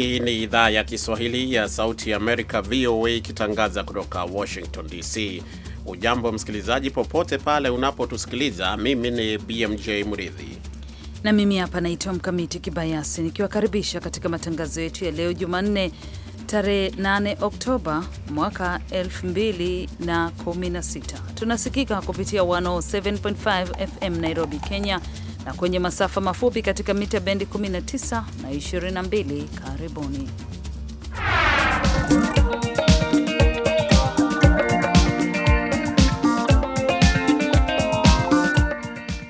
Hii ni idhaa ya Kiswahili ya Sauti ya Amerika, VOA, ikitangaza kutoka Washington DC. Ujambo msikilizaji, popote pale unapotusikiliza. Mimi ni BMJ Mridhi na mimi hapa naitwa Mkamiti Kibayasi nikiwakaribisha katika matangazo yetu ya leo Jumanne tarehe 8 Oktoba mwaka 2016. Tunasikika kupitia 107.5 FM Nairobi, Kenya na kwenye masafa mafupi katika mita bendi 19 na 22. Karibuni.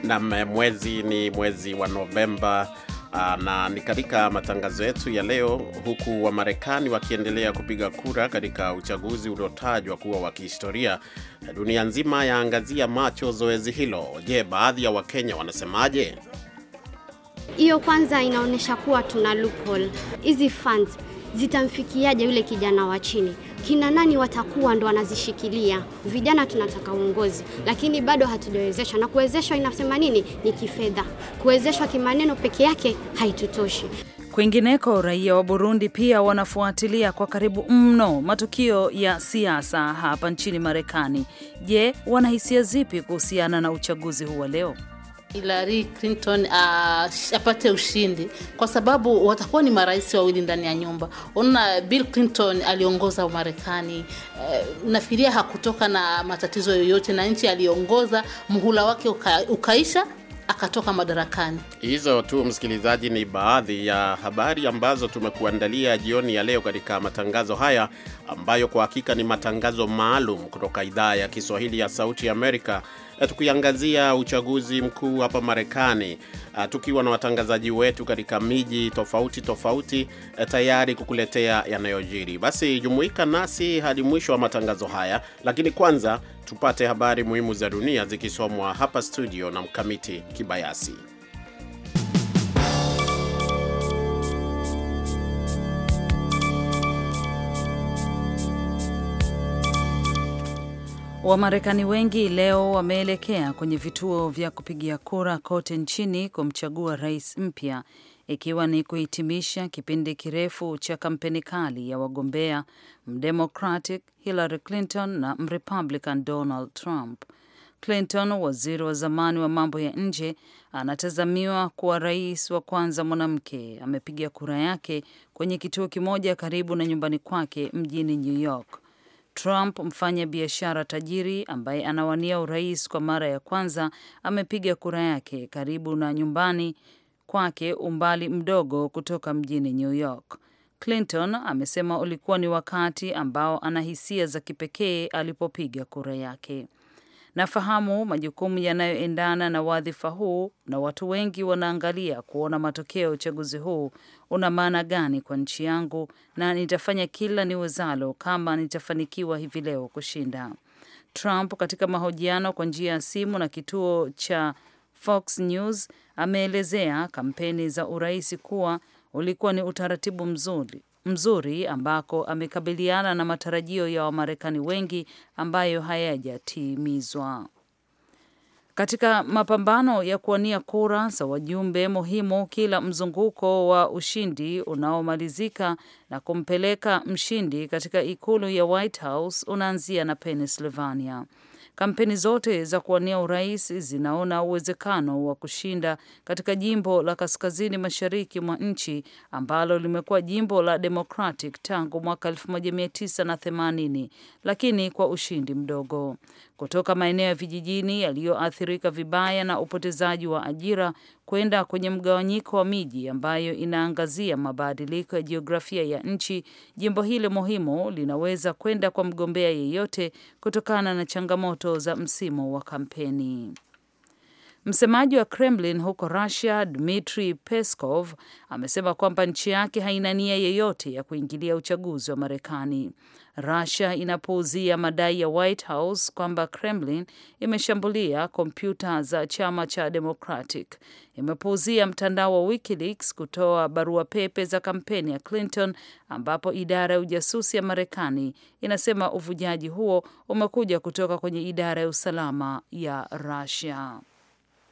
Nam, mwezi ni mwezi wa Novemba Ah, na ni katika matangazo yetu ya leo, huku Wamarekani wakiendelea kupiga kura katika uchaguzi uliotajwa kuwa wa kihistoria, dunia nzima yaangazia macho zoezi hilo. Je, baadhi ya Wakenya wanasemaje? Hiyo kwanza inaonyesha kuwa tuna loophole. Hizi funds zitamfikiaje yule kijana wa chini? kina nani watakuwa ndo wanazishikilia. Vijana tunataka uongozi, lakini bado hatujawezeshwa, na kuwezeshwa inasema nini? Ni kifedha. Kuwezeshwa kimaneno peke yake haitutoshi. Kwingineko, raia wa Burundi pia wanafuatilia kwa karibu mno matukio ya siasa hapa nchini Marekani. Je, wana hisia zipi kuhusiana na uchaguzi huu wa leo? Hillary Clinton uh, apate ushindi kwa sababu watakuwa ni marais wawili ndani ya nyumba. Unaona, Bill Clinton aliongoza Marekani uh, nafikiria hakutoka na matatizo yoyote, na nchi aliongoza muhula wake uka, ukaisha akatoka madarakani. Hizo tu, msikilizaji, ni baadhi ya habari ambazo tumekuandalia jioni ya leo katika matangazo haya ambayo kwa hakika ni matangazo maalum kutoka idhaa ya Kiswahili ya Sauti ya Amerika Eh, tukiangazia uchaguzi mkuu hapa Marekani, eh, tukiwa na watangazaji wetu katika miji tofauti tofauti eh, tayari kukuletea yanayojiri. Basi jumuika nasi hadi mwisho wa matangazo haya, lakini kwanza tupate habari muhimu za dunia zikisomwa hapa studio na Mkamiti Kibayasi. Wamarekani wengi leo wameelekea kwenye vituo vya kupigia kura kote nchini kumchagua rais mpya ikiwa ni kuhitimisha kipindi kirefu cha kampeni kali ya wagombea Mdemocratic Hillary Clinton na Mrepublican Donald Trump. Clinton, waziri wa zamani wa mambo ya nje, anatazamiwa kuwa rais wa kwanza mwanamke. Amepiga kura yake kwenye kituo kimoja karibu na nyumbani kwake mjini New York. Trump, mfanya biashara tajiri ambaye anawania urais kwa mara ya kwanza, amepiga kura yake karibu na nyumbani kwake, umbali mdogo kutoka mjini New York. Clinton amesema ulikuwa ni wakati ambao ana hisia za kipekee alipopiga kura yake. Nafahamu majukumu yanayoendana na wadhifa huu, na watu wengi wanaangalia kuona matokeo ya uchaguzi huu una maana gani kwa nchi yangu, na nitafanya kila niwezalo kama nitafanikiwa hivi leo kushinda. Trump katika mahojiano kwa njia ya simu na kituo cha Fox News ameelezea kampeni za urais kuwa ulikuwa ni utaratibu mzuri mzuri ambako amekabiliana na matarajio ya Wamarekani wengi ambayo hayajatimizwa. Katika mapambano ya kuwania kura za wajumbe muhimu, kila mzunguko wa ushindi unaomalizika na kumpeleka mshindi katika ikulu ya White House unaanzia na Pennsylvania. Kampeni zote za kuwania urais zinaona uwezekano wa kushinda katika jimbo la kaskazini mashariki mwa nchi ambalo limekuwa jimbo la Democratic tangu mwaka 1980 lakini kwa ushindi mdogo kutoka maeneo ya vijijini yaliyoathirika vibaya na upotezaji wa ajira kwenda kwenye mgawanyiko wa miji ambayo inaangazia mabadiliko ya jiografia ya nchi. Jimbo hili muhimu linaweza kwenda kwa mgombea yeyote kutokana na changamoto za msimu wa kampeni. Msemaji wa Kremlin huko Russia, Dmitri Peskov, amesema kwamba nchi yake haina nia yeyote ya kuingilia uchaguzi wa Marekani. Russia inapuuzia madai ya White House kwamba Kremlin imeshambulia kompyuta za chama cha Democratic. Imepuuzia mtandao wa WikiLeaks kutoa barua pepe za kampeni ya Clinton, ambapo idara ya ujasusi ya Marekani inasema uvujaji huo umekuja kutoka kwenye idara ya usalama ya Russia.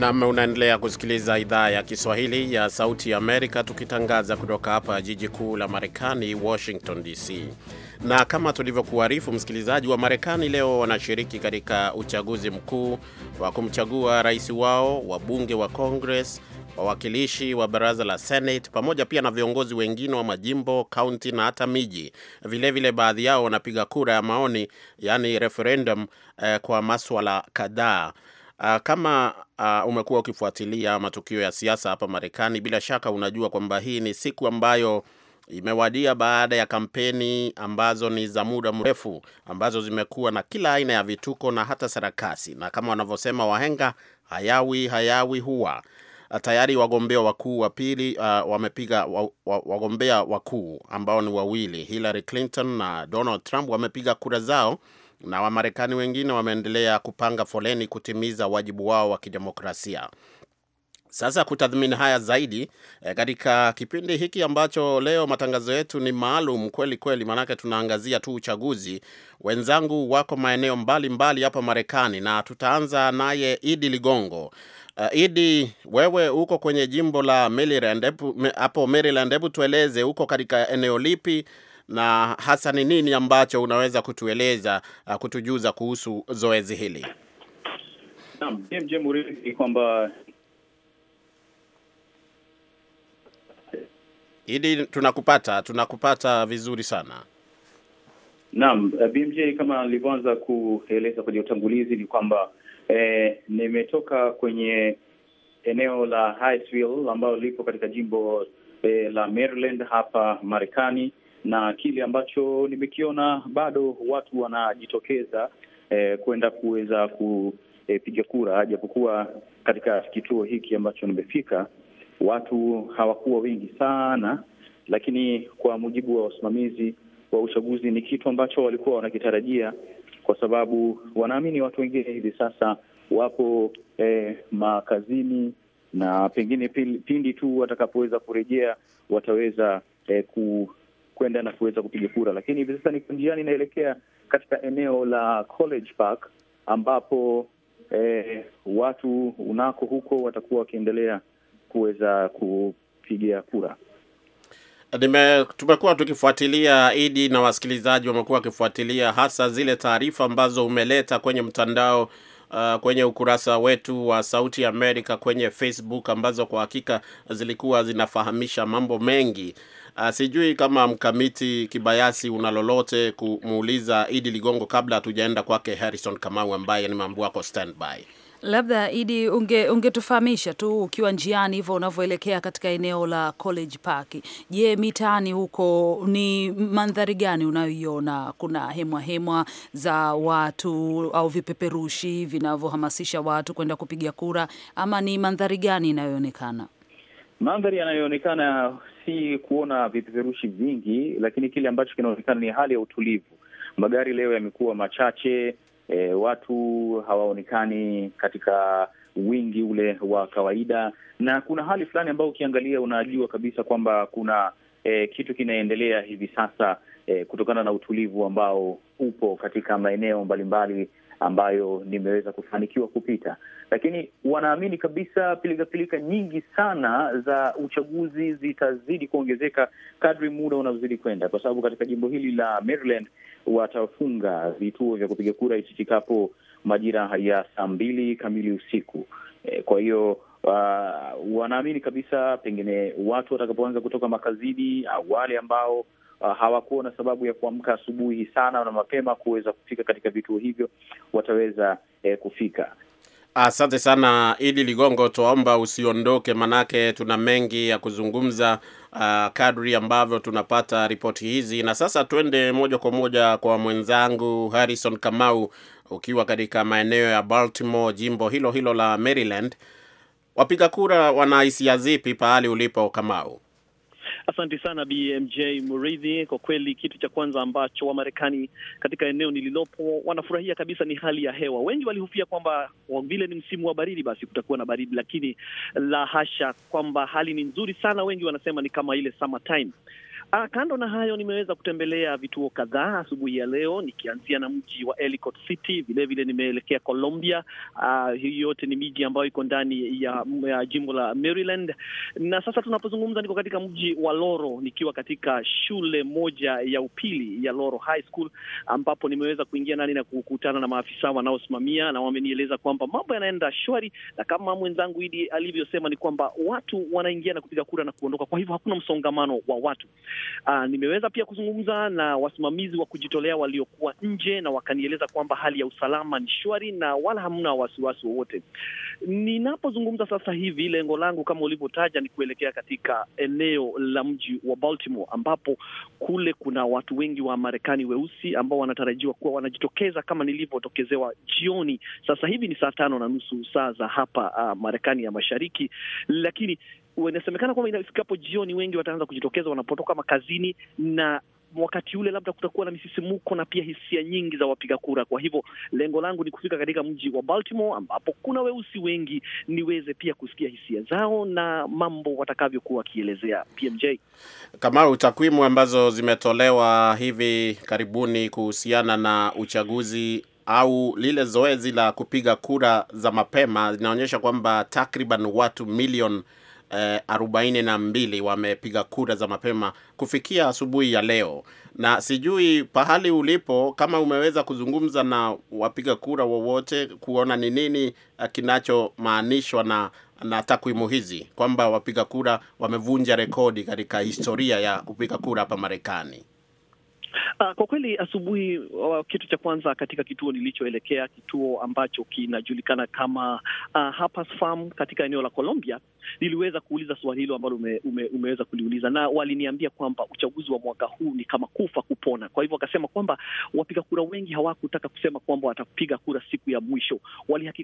Nam, unaendelea kusikiliza idhaa ya Kiswahili ya Sauti ya Amerika, tukitangaza kutoka hapa jiji kuu la Marekani, Washington DC. Na kama tulivyokuarifu msikilizaji, wa Marekani leo wanashiriki katika uchaguzi mkuu wa kumchagua rais wao, wabunge wa Congress, wawakilishi wa baraza la Senate, pamoja pia na viongozi wengine wa majimbo, kaunti na hata miji. Vilevile baadhi yao wanapiga kura ya maoni, yani referendum, eh, kwa maswala kadhaa Uh, kama uh, umekuwa ukifuatilia matukio ya siasa hapa Marekani, bila shaka unajua kwamba hii ni siku ambayo imewadia baada ya kampeni ambazo ni za muda mrefu ambazo zimekuwa na kila aina ya vituko na hata sarakasi, na kama wanavyosema wahenga, hayawi hayawi huwa ah, tayari wagombea wakuu wa pili uh, wamepiga wa, wa, wagombea wakuu ambao ni wawili Hillary Clinton na Donald Trump wamepiga kura zao na Wamarekani wengine wameendelea kupanga foleni kutimiza wajibu wao wa kidemokrasia. Sasa kutathmini haya zaidi e, katika kipindi hiki ambacho leo matangazo yetu ni maalum kweli kweli, maanake tunaangazia tu uchaguzi. Wenzangu wako maeneo mbalimbali hapa Marekani, na tutaanza naye Idi Ligongo. Uh, Idi, wewe uko kwenye jimbo la Maryland hapo Maryland, hebu tueleze uko katika eneo lipi na hasa ni nini ambacho unaweza kutueleza uh, kutujuza kuhusu zoezi hili? Naam, JMJ Muridhi, kwamba Idi, tunakupata tunakupata vizuri sana. Naam, eh, BMJ, kama nilivyoanza kueleza kwenye utangulizi ni kwamba eh, nimetoka kwenye eneo la Hyattsville ambalo lipo katika jimbo eh, la Maryland hapa Marekani, na kile ambacho nimekiona bado watu wanajitokeza eh, kwenda kuweza kupiga kura, japokuwa katika kituo hiki ambacho nimefika watu hawakuwa wengi sana, lakini kwa mujibu wa wasimamizi wa uchaguzi ni kitu ambacho walikuwa wanakitarajia, kwa sababu wanaamini watu wengine hivi sasa wapo eh, makazini na pengine pindi tu watakapoweza kurejea wataweza eh, ku kwenda na kuweza kupiga kura, lakini hivi sasa niko njiani inaelekea katika eneo la College Park ambapo eh, watu unako huko watakuwa wakiendelea kuweza kupiga kura. Nime, tumekuwa tukifuatilia Idi na wasikilizaji wamekuwa wakifuatilia hasa zile taarifa ambazo umeleta kwenye mtandao uh, kwenye ukurasa wetu wa Sauti Amerika kwenye Facebook ambazo kwa hakika zilikuwa zinafahamisha mambo mengi. Uh, sijui kama mkamiti Kibayasi una lolote kumuuliza Idi Ligongo kabla hatujaenda kwake Harrison Kamau ambaye ni mambo yako standby. Labda Idi, ungetufahamisha unge tu ukiwa njiani hivyo unavyoelekea katika eneo la College Park. Je, mitaani huko ni mandhari gani unayoiona? Kuna hemwa hemwa za watu au vipeperushi vinavyohamasisha watu kwenda kupiga kura, ama ni mandhari gani inayoonekana? Mandhari yanayoonekana si kuona vipeperushi vingi, lakini kile ambacho kinaonekana ni hali ya utulivu. Magari leo yamekuwa machache e, watu hawaonekani katika wingi ule wa kawaida, na kuna hali fulani ambayo ukiangalia unajua kabisa kwamba kuna e, kitu kinaendelea hivi sasa e, kutokana na utulivu ambao upo katika maeneo mbalimbali ambayo nimeweza kufanikiwa kupita, lakini wanaamini kabisa pilikapilika pilika nyingi sana za uchaguzi zitazidi kuongezeka kadri muda unaozidi kwenda, kwa sababu katika jimbo hili la Maryland watafunga vituo vya kupiga kura ifikapo majira ya saa mbili kamili usiku. E, kwa hiyo uh, wanaamini kabisa pengine watu watakapoanza kutoka makazini au uh, wale ambao Uh, hawakuwa na sababu ya kuamka asubuhi sana na mapema kuweza kufika katika vituo hivyo wataweza eh, kufika. Asante sana Idi Ligongo, tuomba usiondoke, manake tuna mengi ya kuzungumza uh, kadri ambavyo tunapata ripoti hizi. Na sasa twende moja kwa moja kwa mwenzangu Harrison Kamau, ukiwa katika maeneo ya Baltimore, jimbo hilo hilo la Maryland. Wapiga kura wana hisia zipi pahali ulipo Kamau? Asante sana BMJ Muridhi. Kwa kweli, kitu cha kwanza ambacho Wamarekani katika eneo nililopo wanafurahia kabisa ni hali ya hewa. Wengi walihofia kwamba vile ni msimu wa baridi, basi kutakuwa na baridi, lakini la hasha, kwamba hali ni nzuri sana. Wengi wanasema ni kama ile Ah, kando na hayo nimeweza kutembelea vituo kadhaa asubuhi ya leo, nikianzia na mji wa Ellicott City. Vilevile nimeelekea Colombia. Ah, hii yote ni miji ambayo iko ndani ya, ya jimbo la Maryland, na sasa tunapozungumza niko katika mji wa Loro, nikiwa katika shule moja ya upili ya Loro High School, ambapo nimeweza kuingia ndani na kukutana na maafisa wanaosimamia, na wamenieleza kwamba mambo yanaenda shwari, na kama mwenzangu Idi alivyosema ni kwamba watu wanaingia na kupiga kura na kuondoka, kwa hivyo hakuna msongamano wa watu. Uh, nimeweza pia kuzungumza na wasimamizi wa kujitolea waliokuwa nje na wakanieleza kwamba hali ya usalama ni shwari na wala hamna wasiwasi wowote. Ninapozungumza sasa hivi, lengo langu kama ulivyotaja ni kuelekea katika eneo la mji wa Baltimore, ambapo kule kuna watu wengi wa Marekani weusi ambao wanatarajiwa kuwa wanajitokeza kama nilivyotokezewa jioni. Sasa hivi ni saa tano na nusu saa za hapa uh, Marekani ya Mashariki, lakini inasemekana kwamba inafikapo jioni wengi wataanza kujitokeza wanapotoka makazini na wakati ule labda kutakuwa na misisimuko na pia hisia nyingi za wapiga kura. Kwa hivyo lengo langu ni kufika katika mji wa Baltimore ambapo kuna weusi wengi, niweze pia kusikia hisia zao na mambo watakavyokuwa wakielezea. PMJ Kamau, takwimu ambazo zimetolewa hivi karibuni kuhusiana na uchaguzi au lile zoezi la kupiga kura za mapema zinaonyesha kwamba takriban watu milioni eh, 42 wamepiga kura za mapema kufikia asubuhi ya leo, na sijui pahali ulipo kama umeweza kuzungumza na wapiga kura wowote kuona ni nini eh, kinachomaanishwa na na takwimu hizi kwamba wapiga kura wamevunja rekodi katika historia ya kupiga kura hapa Marekani. Uh, kwa kweli asubuhi, uh, kitu cha kwanza katika kituo nilichoelekea, kituo ambacho kinajulikana kama uh, Harper's Farm katika eneo la Colombia, niliweza kuuliza swali hilo ambalo ume, ume, umeweza kuliuliza, na waliniambia kwamba uchaguzi wa mwaka huu ni kama kufa kupona. Kwa hivyo wakasema kwamba wapiga kura wengi hawakutaka kusema kwamba watapiga kura siku ya mwisho,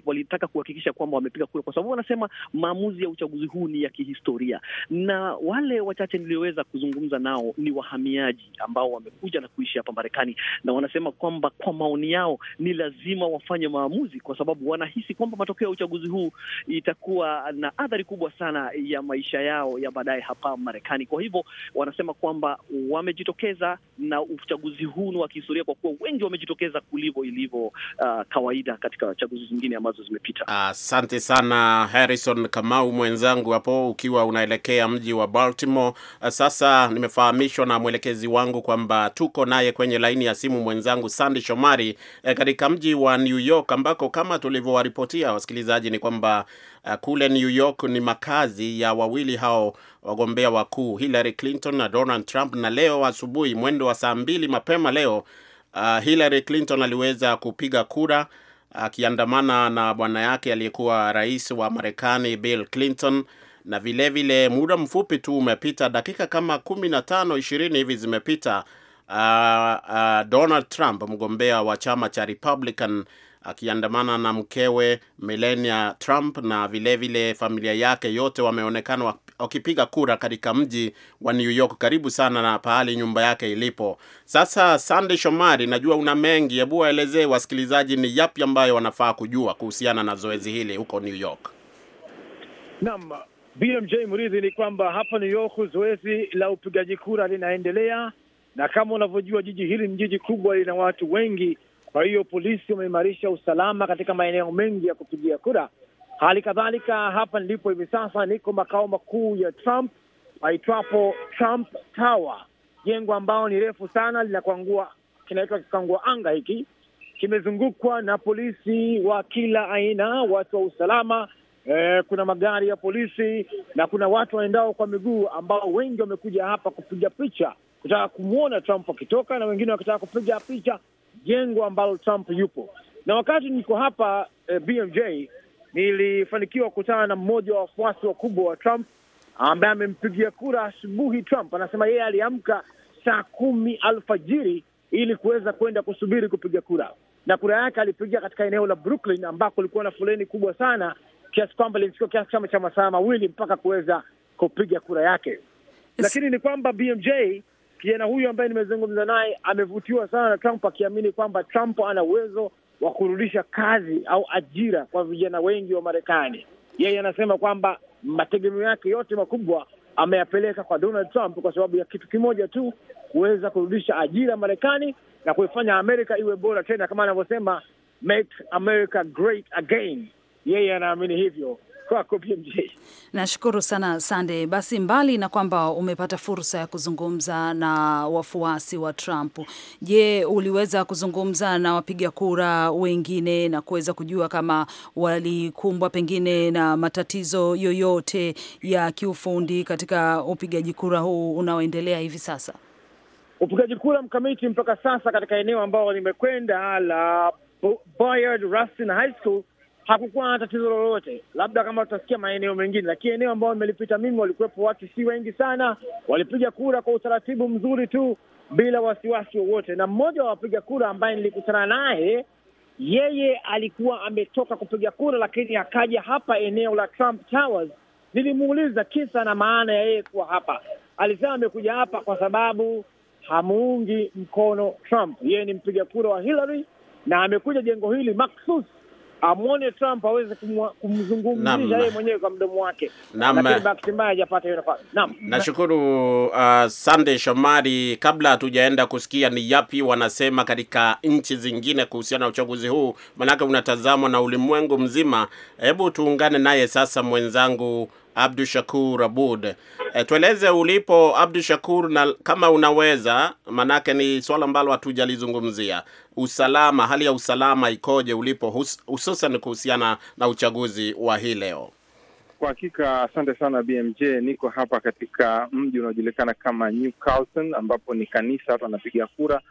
walitaka kuhakikisha kwamba wamepiga kura, kwa sababu wanasema maamuzi ya uchaguzi huu ni ya kihistoria, na wale wachache nilioweza kuzungumza nao ni wahamiaji ambao wamekuja kuja na kuishi hapa Marekani, na wanasema kwamba kwa maoni yao ni lazima wafanye maamuzi, kwa sababu wanahisi kwamba matokeo ya uchaguzi huu itakuwa na athari kubwa sana ya maisha yao ya baadaye hapa Marekani. Kwa hivyo wanasema kwamba wamejitokeza, na uchaguzi huu ni wa kihistoria kwa kuwa wengi wamejitokeza kulivyo ilivyo uh, kawaida katika chaguzi zingine ambazo zimepita. Asante uh, sana Harrison Kamau mwenzangu hapo ukiwa unaelekea mji wa Baltimore. Uh, sasa nimefahamishwa na mwelekezi wangu kwamba tuko naye kwenye laini ya simu mwenzangu Sandy Shomari eh, katika mji wa New York ambako kama tulivyowaripotia wasikilizaji ni kwamba a, eh, kule New York ni makazi ya wawili hao wagombea wakuu Hillary Clinton na Donald Trump, na leo asubuhi mwendo wa saa mbili mapema leo a, eh, Hillary Clinton aliweza kupiga kura akiandamana na bwana yake aliyekuwa rais wa Marekani Bill Clinton na vilevile vile, muda mfupi tu umepita, dakika kama kumi na tano ishirini hivi zimepita uh, uh, Donald Trump mgombea wa chama cha Republican akiandamana na mkewe Melania Trump na vilevile vile familia yake yote wameonekana wakipiga kura katika mji wa New York, karibu sana na pahali nyumba yake ilipo. Sasa Sande Shomari, najua una mengi, hebu waelezee wasikilizaji ni yapi ambayo wanafaa kujua kuhusiana na zoezi hili huko New York. Naam, BMJ Murithi, ni kwamba hapa New York zoezi la upigaji kura linaendelea na kama unavyojua jiji hili ni jiji kubwa, lina watu wengi. Kwa hiyo polisi wameimarisha usalama katika maeneo mengi ya kupigia kura. Hali kadhalika hapa nilipo hivi sasa, niko makao makuu ya Trump aitwapo Trump Tower, jengo ambao ni refu sana, linakwangua kinaitwa kikangua anga. Hiki kimezungukwa na polisi wa kila aina, watu wa usalama eh, kuna magari ya polisi na kuna watu waendao kwa miguu ambao wengi wamekuja hapa kupiga picha kutaka kumwona Trump akitoka na wengine wakitaka kupiga picha jengo ambalo Trump yupo. Na wakati niko hapa eh, BMJ nilifanikiwa kukutana na mmoja wa wafuasi wakubwa wa Trump ambaye amempigia kura asubuhi Trump. Anasema yeye aliamka saa kumi alfajiri ili kuweza kwenda kusubiri kupiga kura, na kura yake alipiga katika eneo la Brooklyn ambako kulikuwa na foleni kubwa sana, kiasi kwamba ilimchukua kiasi chama cha masaa mawili mpaka kuweza kupiga kura yake. Lakini ni kwamba BMJ Kijana huyu ambaye nimezungumza naye amevutiwa sana na Trump, akiamini kwamba Trump ana uwezo wa kurudisha kazi au ajira kwa vijana wengi wa Marekani. Yeye anasema kwamba mategemeo yake yote makubwa ameyapeleka kwa Donald Trump kwa sababu ya kitu kimoja tu, kuweza kurudisha ajira Marekani na kuifanya Amerika iwe bora tena, kama anavyosema make America great again. Yeye anaamini hivyo Kwako BMJ. Nashukuru sana Sande. Basi, mbali na kwamba umepata fursa ya kuzungumza na wafuasi wa Trump, je, uliweza kuzungumza na wapiga kura wengine na kuweza kujua kama walikumbwa pengine na matatizo yoyote ya kiufundi katika upigaji kura huu unaoendelea hivi sasa? Upigaji kura mkamiti mpaka sasa katika eneo ambao nimekwenda la Bayard Rustin High School hakukuwa na tatizo lolote, labda kama tutasikia maeneo mengine, lakini eneo ambayo nimelipita mimi walikuwepo watu si wengi sana, walipiga kura kwa utaratibu mzuri tu bila wasiwasi wowote. Na mmoja wa wapiga kura ambaye nilikutana naye, yeye alikuwa ametoka kupiga kura, lakini akaja hapa eneo la Trump Towers. Nilimuuliza kisa na maana ya yeye kuwa hapa, alisema amekuja hapa kwa sababu hamuungi mkono Trump, yeye ni mpiga kura wa Hillary na amekuja jengo hili maksus amwone Trump aweze kumzungumzisha yeye mwenyewe kwa mdomo wake, lakini eh. bahati mbaya hajapata hiyo nafasi. Naam, nashukuru uh, Sunday Shomari. Kabla hatujaenda kusikia ni yapi wanasema katika nchi zingine kuhusiana na uchaguzi huu, manake unatazamwa na ulimwengu mzima, hebu tuungane naye sasa mwenzangu Abdu Shakur Abud. E, tueleze ulipo Abdu Shakur, na kama unaweza, manake ni swala ambalo hatujalizungumzia, usalama, hali ya usalama ikoje ulipo, hususan kuhusiana na uchaguzi wa hii leo? Kwa hakika asante sana BMJ. Niko hapa katika mji unaojulikana kama Carlton, ambapo ni kanisa watu wanapiga kura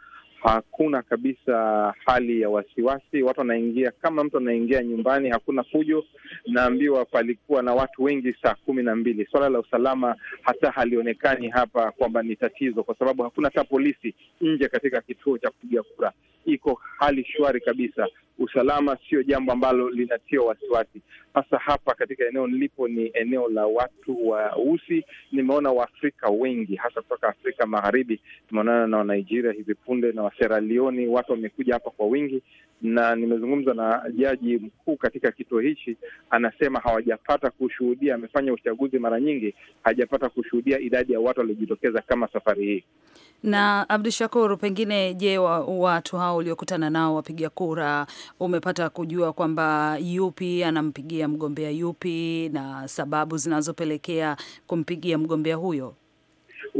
hakuna kabisa hali ya wasiwasi. Watu wanaingia kama mtu anaingia nyumbani, hakuna fujo. Naambiwa palikuwa na watu wengi saa kumi na mbili. Swala la usalama hata halionekani hapa kwamba ni tatizo, kwa sababu hakuna hata polisi nje katika kituo cha kupiga kura. Iko hali shwari kabisa. Usalama sio jambo ambalo linatia wasiwasi hasa hapa katika eneo nilipo, ni eneo la watu weusi. Nimeona Waafrika wengi, hasa kutoka Afrika Magharibi. Tumeonana na Wanigeria hivi punde na waseralioni watu wamekuja hapa kwa wingi, na nimezungumza na jaji mkuu katika kituo hichi, anasema hawajapata kushuhudia, amefanya uchaguzi mara nyingi, hajapata kushuhudia idadi ya watu waliojitokeza kama safari hii. Na Abdu Shakur, pengine je, wa, watu hao uliokutana nao wapiga kura, umepata kujua kwamba yupi anampigia mgombea yupi na sababu zinazopelekea kumpigia mgombea huyo?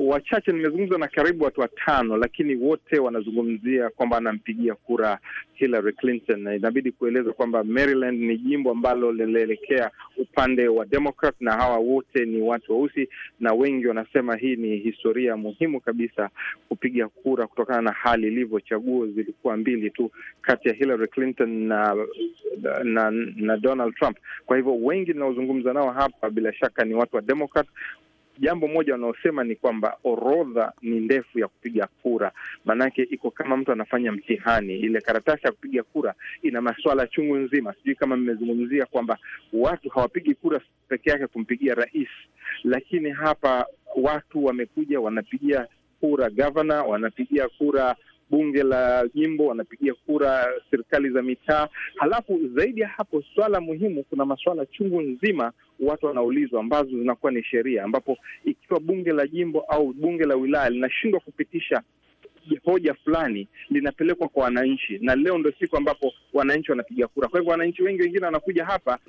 wachache nimezungumza na karibu watu watano, lakini wote wanazungumzia kwamba anampigia kura Hillary Clinton, na inabidi kueleza kwamba Maryland ni jimbo ambalo linaelekea upande wa Democrat, na hawa wote ni watu weusi, na wengi wanasema hii ni historia muhimu kabisa kupiga kura kutokana na hali ilivyo. Chaguo zilikuwa mbili tu kati ya Hillary Clinton na, na, na Donald Trump. Kwa hivyo wengi ninaozungumza nao hapa bila shaka ni watu wa Democrat jambo moja wanaosema ni kwamba orodha ni ndefu ya kupiga kura, maanake iko kama mtu anafanya mtihani. Ile karatasi ya kupiga kura ina maswala chungu nzima. Sijui kama mmezungumzia kwamba watu hawapigi kura peke yake kumpigia rais, lakini hapa watu wamekuja wanapigia kura gavana, wanapigia kura bunge la jimbo, wanapigia kura serikali za mitaa. Halafu zaidi ya hapo, swala muhimu, kuna masuala chungu nzima watu wanaulizwa, ambazo zinakuwa ni sheria, ambapo ikiwa bunge la jimbo au bunge la wilaya linashindwa kupitisha hoja fulani linapelekwa kwa wananchi, na leo ndo siku ambapo wananchi wanapiga kura. Kwa hivyo wananchi wengi wengine wanakuja hapa,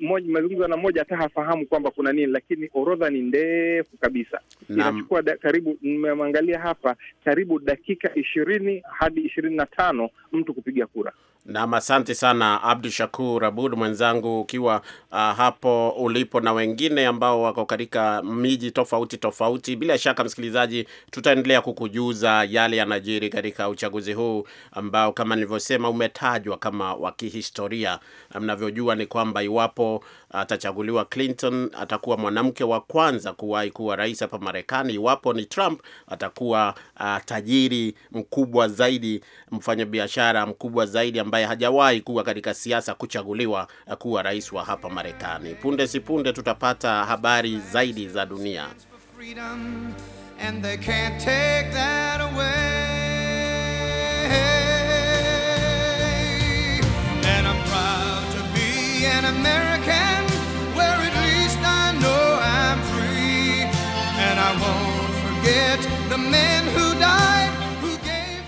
mazungumzo na mmoja hata hafahamu kwamba kuna nini, lakini orodha ni ndefu kabisa, inachukua karibu, nimeangalia hapa, karibu dakika ishirini hadi ishirini na tano mtu kupiga kura. Nam, asante sana Abdu Shakur Abud mwenzangu, ukiwa uh, hapo ulipo na wengine ambao wako katika miji tofauti tofauti. Bila shaka, msikilizaji, tutaendelea kukujuza yale yanajiri katika uchaguzi huu ambao kama nilivyosema umetajwa kama wa kihistoria. Mnavyojua ni kwamba iwapo atachaguliwa Clinton, atakuwa mwanamke wa kwanza kuwahi kuwa rais hapa Marekani. Iwapo ni Trump, atakuwa uh, tajiri mkubwa zaidi, mfanyabiashara mkubwa zaidi ambaye hajawahi kuwa katika siasa kuchaguliwa eh, kuwa rais wa hapa Marekani. Punde si punde tutapata habari zaidi za dunia.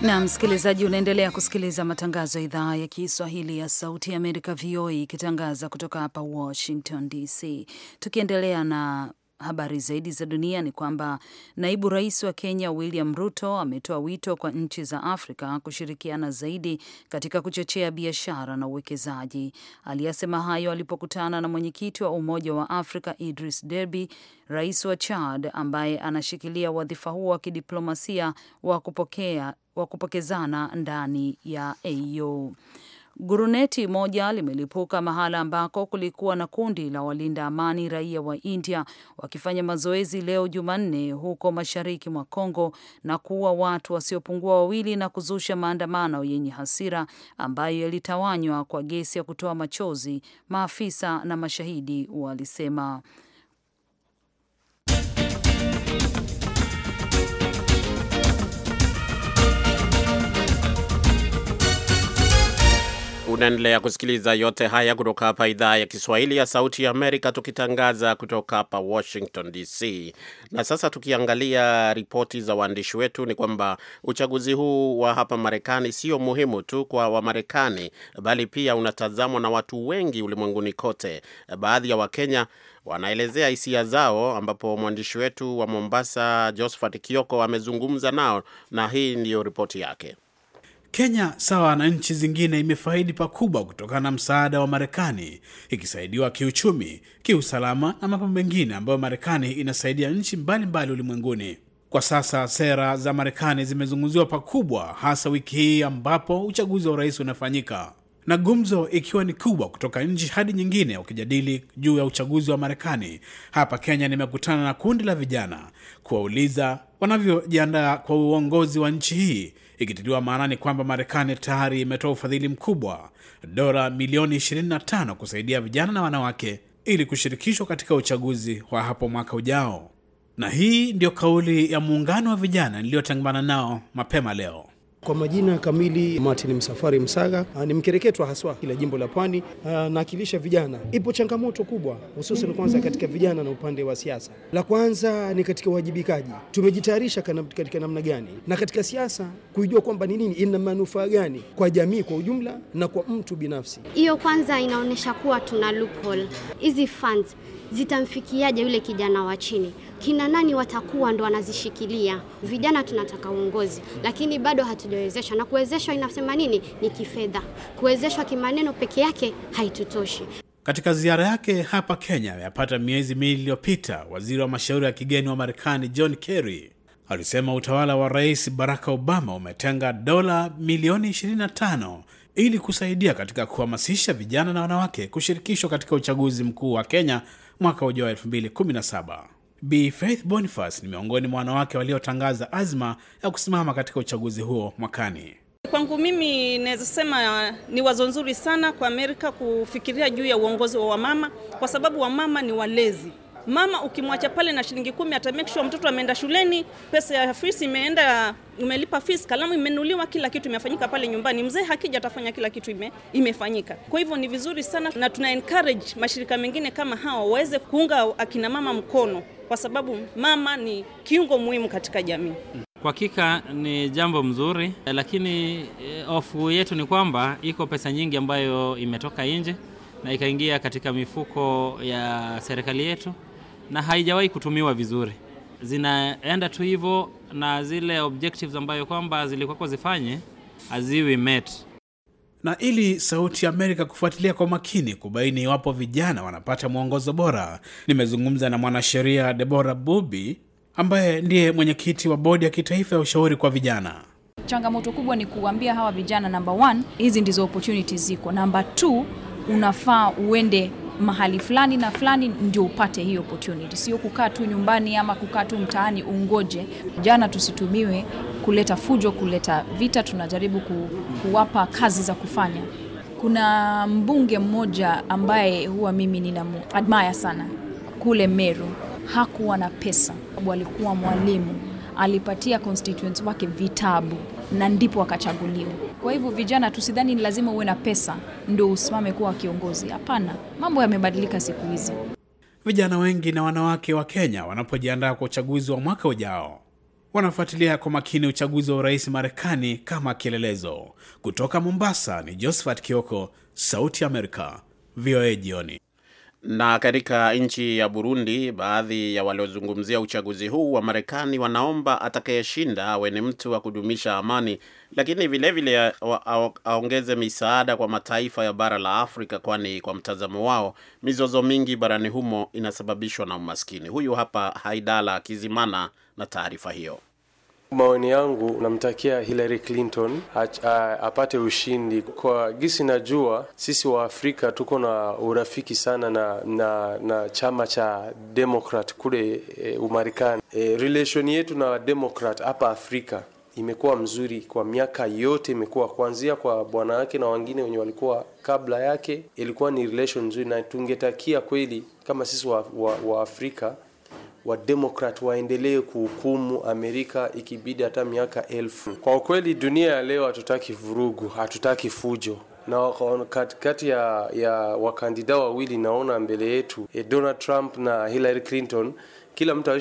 na msikilizaji, unaendelea kusikiliza matangazo ya idhaa ya Kiswahili ya Sauti ya Amerika, VOA, ikitangaza kutoka hapa Washington DC. Tukiendelea na habari zaidi za dunia ni kwamba naibu rais wa Kenya William Ruto ametoa wito kwa nchi za Afrika kushirikiana zaidi katika kuchochea biashara na uwekezaji. Aliyasema hayo alipokutana na mwenyekiti wa Umoja wa Afrika Idris Deby, rais wa Chad ambaye anashikilia wadhifa huo wa kidiplomasia wa kupokea wa kupokezana ndani ya AU. Guruneti moja limelipuka mahala ambako kulikuwa na kundi la walinda amani raia wa India wakifanya mazoezi leo Jumanne huko mashariki mwa Kongo na kuua watu wasiopungua wawili na kuzusha maandamano yenye hasira ambayo yalitawanywa kwa gesi ya kutoa machozi, maafisa na mashahidi walisema. Unaendelea kusikiliza yote haya kutoka hapa idhaa ya Kiswahili ya Sauti ya Amerika, tukitangaza kutoka hapa Washington DC. Na sasa tukiangalia ripoti za waandishi wetu, ni kwamba uchaguzi huu wa hapa Marekani sio muhimu tu kwa Wamarekani, bali pia unatazamwa na watu wengi ulimwenguni kote. Baadhi ya Wakenya wanaelezea hisia zao, ambapo mwandishi wetu wa Mombasa Josephat Kioko amezungumza nao, na hii ndiyo ripoti yake. Kenya sawa na nchi zingine imefaidi pakubwa kutokana na msaada wa Marekani, ikisaidiwa kiuchumi, kiusalama na mambo mengine ambayo Marekani inasaidia nchi mbalimbali ulimwenguni. Kwa sasa sera za Marekani zimezungumziwa pakubwa, hasa wiki hii ambapo uchaguzi wa urais unafanyika na gumzo ikiwa ni kubwa kutoka nchi hadi nyingine wakijadili juu ya uchaguzi wa Marekani. Hapa Kenya nimekutana na kundi la vijana kuwauliza wanavyojiandaa kwa uongozi wa nchi hii ikitiliwa maanani kwamba Marekani tayari imetoa ufadhili mkubwa dola milioni 25 kusaidia vijana na wanawake ili kushirikishwa katika uchaguzi wa hapo mwaka ujao. Na hii ndiyo kauli ya muungano wa vijana niliyotangamana nao mapema leo. Kwa majina kamili Martin Msafari Msaga, ah, ni mkereketwa haswa kila jimbo la Pwani, ah, naakilisha vijana. Ipo changamoto kubwa, hususan kwanza katika vijana na upande wa siasa. La kwanza ni katika uwajibikaji, tumejitayarisha katika namna gani, na katika siasa kuijua kwamba ni nini ina manufaa gani kwa jamii kwa ujumla na kwa mtu binafsi. Hiyo kwanza inaonyesha kuwa tuna loophole. Hizi funds zitamfikiaje yule kijana wa chini? kina nani watakuwa ndo wanazishikilia. Vijana tunataka uongozi, lakini bado hatujawezeshwa, na kuwezeshwa inasema nini? Ni kifedha. Kuwezeshwa kimaneno peke yake haitutoshi. Katika ziara yake hapa Kenya yapata miezi miwili iliyopita, waziri wa mashauri ya kigeni wa Marekani John Kerry alisema utawala wa Rais Barack Obama umetenga dola milioni 25 ili kusaidia katika kuhamasisha vijana na wanawake kushirikishwa katika uchaguzi mkuu wa Kenya mwaka ujao wa 2017 b Faith Boniface ni miongoni mwa wanawake waliotangaza azma ya kusimama katika uchaguzi huo mwakani. Kwangu mimi naweza sema ni wazo nzuri sana kwa Amerika kufikiria juu ya uongozi wa wamama, kwa sababu wamama ni walezi. Mama ukimwacha pale na shilingi kumi ata make sure mtoto ameenda shuleni, pesa ya fees imeenda, umelipa fees, kalamu imenuliwa kila kitu imefanyika pale nyumbani. Mzee hakija atafanya kila kitu ime, imefanyika. Kwa hivyo ni vizuri sana, na tuna encourage mashirika mengine kama hawa waweze kuunga akina mama mkono kwa sababu mama ni kiungo muhimu katika jamii. Kwa hakika ni jambo mzuri, lakini eh, hofu yetu ni kwamba iko pesa nyingi ambayo imetoka nje na ikaingia katika mifuko ya serikali yetu na haijawahi kutumiwa vizuri, zinaenda tu hivyo, na zile objectives ambayo kwamba zilikuwa zifanye haziwi met na ili Sauti ya Amerika kufuatilia kwa makini kubaini iwapo vijana wanapata mwongozo bora, nimezungumza na mwanasheria Debora Bubi ambaye ndiye mwenyekiti wa bodi ya kitaifa ya ushauri kwa vijana. Changamoto kubwa ni kuambia hawa vijana, namba hizi ndizo opportunities ziko, namba unafaa uende mahali fulani na fulani ndio upate hiyo opportunity, sio kukaa tu nyumbani ama kukaa tu mtaani ungoje. Vijana tusitumiwe kuleta fujo, kuleta vita, tunajaribu ku, kuwapa kazi za kufanya. Kuna mbunge mmoja ambaye huwa mimi nina admire sana kule Meru, hakuwa na pesa, alikuwa mwalimu, alipatia constituents wake vitabu na ndipo akachaguliwa. Kwa hivyo vijana, tusidhani ni lazima uwe na pesa ndio usimame kuwa kiongozi. Hapana, mambo yamebadilika siku hizi. Vijana wengi na wanawake wa Kenya wanapojiandaa kwa uchaguzi wa mwaka ujao wanafuatilia kwa makini uchaguzi wa urais Marekani kama kielelezo. Kutoka Mombasa ni Josephat Kioko, Sauti ya Amerika, VOA Jioni. Na katika nchi ya Burundi, baadhi ya waliozungumzia uchaguzi huu wa Marekani wanaomba atakayeshinda awe ni mtu wa kudumisha amani, lakini vilevile aongeze misaada kwa mataifa ya bara la Afrika, kwani kwa mtazamo wao mizozo mingi barani humo inasababishwa na umaskini. Huyu hapa Haidala Kizimana na taarifa hiyo. Maoni yangu namtakia Hillary Clinton a, apate ushindi. Kwa gisi najua sisi wa Afrika tuko na urafiki sana na, na, na chama cha demokrat kule e, Umarekani. E, relation yetu na demokrat hapa Afrika imekuwa mzuri kwa miaka yote, imekuwa kuanzia kwa bwana wake na wengine wenye walikuwa kabla yake, ilikuwa ni relation nzuri, na tungetakia kweli kama sisi wa, wa, wa Afrika Wademokrat waendelee kuhukumu Amerika ikibidi hata miaka elfu. Kwa ukweli, dunia ya leo hatutaki vurugu, hatutaki fujo na katikati ya, ya wakandida wawili naona mbele yetu e Donald Trump na Hillary Clinton, kila mtu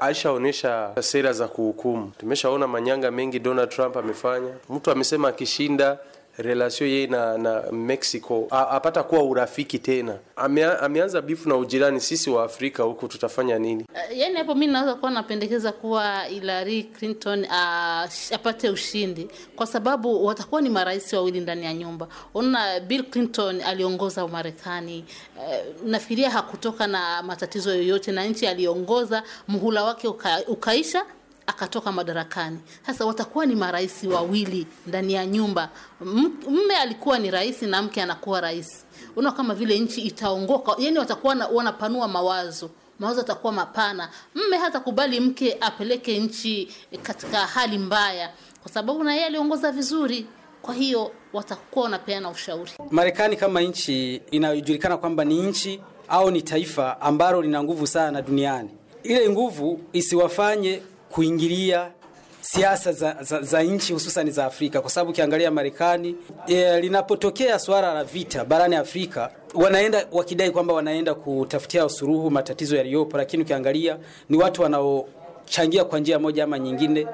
aishaonyesha sera za kuhukumu. Tumeshaona manyanga mengi Donald Trump amefanya. Mtu amesema akishinda relasio yeye na, na Mexico A, apata kuwa urafiki tena. Ame, ameanza bifu na ujirani. Sisi wa Afrika huku tutafanya nini? Uh, yani hapo mi naweza kuwa napendekeza kuwa Hillary Clinton uh, apate ushindi kwa sababu watakuwa ni marahisi wawili ndani ya nyumba. Unaona, Bill Clinton aliongoza Marekani uh, nafikiria hakutoka na matatizo yoyote, na nchi aliongoza mhula wake uka, ukaisha akatoka madarakani. Sasa watakuwa ni marais wawili ndani ya nyumba, mme alikuwa ni rais na mke anakuwa rais. Unaona kama vile nchi itaongoka, yani watakuwa na, wanapanua mawazo mawazo atakuwa mapana. Mme hata kubali mke apeleke nchi eh, katika hali mbaya, kwa sababu na yeye aliongoza vizuri. Kwa hiyo watakuwa wanapeana ushauri. Marekani kama nchi inayojulikana kwamba ni nchi au ni taifa ambalo lina nguvu sana duniani, ile nguvu isiwafanye kuingilia siasa za, za, za nchi hususan za Afrika kwa sababu ukiangalia Marekani e, linapotokea suala la vita barani Afrika wanaenda wakidai kwamba wanaenda kutafutia usuluhu matatizo yaliyopo, lakini ukiangalia ni watu wanaochangia kwa njia moja ama nyingine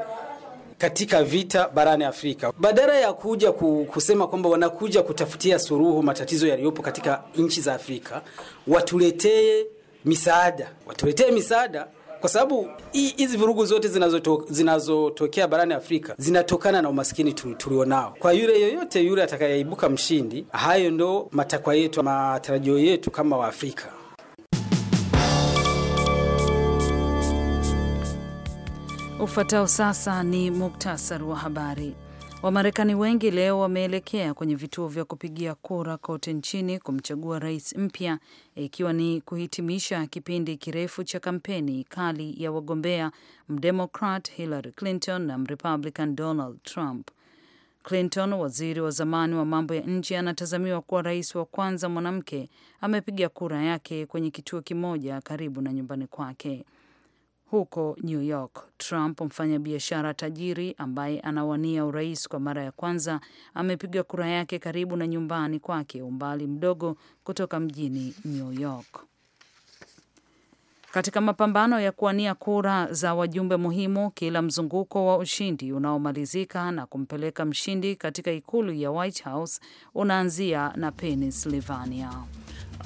katika vita barani Afrika, badala ya kuja kusema kwamba wanakuja kutafutia suluhu matatizo yaliyopo katika nchi za Afrika, watuletee misaada, watuletee misaada kwa sababu hizi vurugu zote zinazotokea zinazotokea barani Afrika zinatokana na umaskini tulionao. Kwa yule yoyote yule atakayeibuka mshindi, hayo ndo matakwa yetu, matarajio yetu kama Waafrika. Ufuatao sasa ni muktasari wa habari. Wamarekani wengi leo wameelekea kwenye vituo vya kupigia kura kote nchini kumchagua rais mpya, ikiwa ni kuhitimisha kipindi kirefu cha kampeni kali ya wagombea mdemokrat Hillary Clinton na mrepublican Donald Trump. Clinton, waziri wa zamani wa mambo ya nje, anatazamiwa kuwa rais wa kwanza mwanamke, amepiga kura yake kwenye kituo kimoja karibu na nyumbani kwake huko New York. Trump, mfanyabiashara tajiri ambaye anawania urais kwa mara ya kwanza, amepiga kura yake karibu na nyumbani kwake, umbali mdogo kutoka mjini New York. Katika mapambano ya kuwania kura za wajumbe muhimu, kila mzunguko wa ushindi unaomalizika na kumpeleka mshindi katika ikulu ya White House unaanzia na Pennsylvania.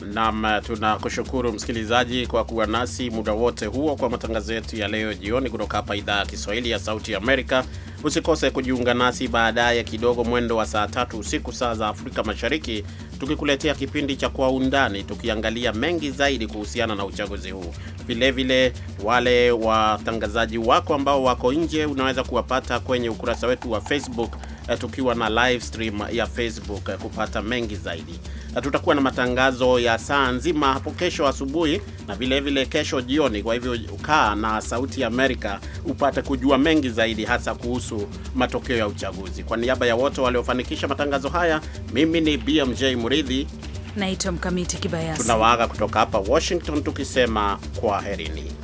Nam, tunakushukuru msikilizaji kwa kuwa nasi muda wote huo kwa matangazo yetu ya leo jioni kutoka hapa idhaa ya Kiswahili ya Sauti Amerika. Usikose kujiunga nasi baadaye kidogo, mwendo wa saa tatu usiku saa za Afrika Mashariki, tukikuletea kipindi cha Kwa Undani, tukiangalia mengi zaidi kuhusiana na uchaguzi huu. Vilevile wale watangazaji wako ambao wako nje, unaweza kuwapata kwenye ukurasa wetu wa Facebook, eh, tukiwa na live stream ya Facebook eh, kupata mengi zaidi na tutakuwa na matangazo ya saa nzima hapo kesho asubuhi na vilevile vile kesho jioni. Kwa hivyo ukaa na Sauti ya Amerika upate kujua mengi zaidi, hasa kuhusu matokeo ya uchaguzi. Kwa niaba ya wote waliofanikisha matangazo haya, mimi ni BMJ Muridhi naitwa Mkamiti Kibayasi. Tunawaaga kutoka hapa Washington tukisema kwaherini.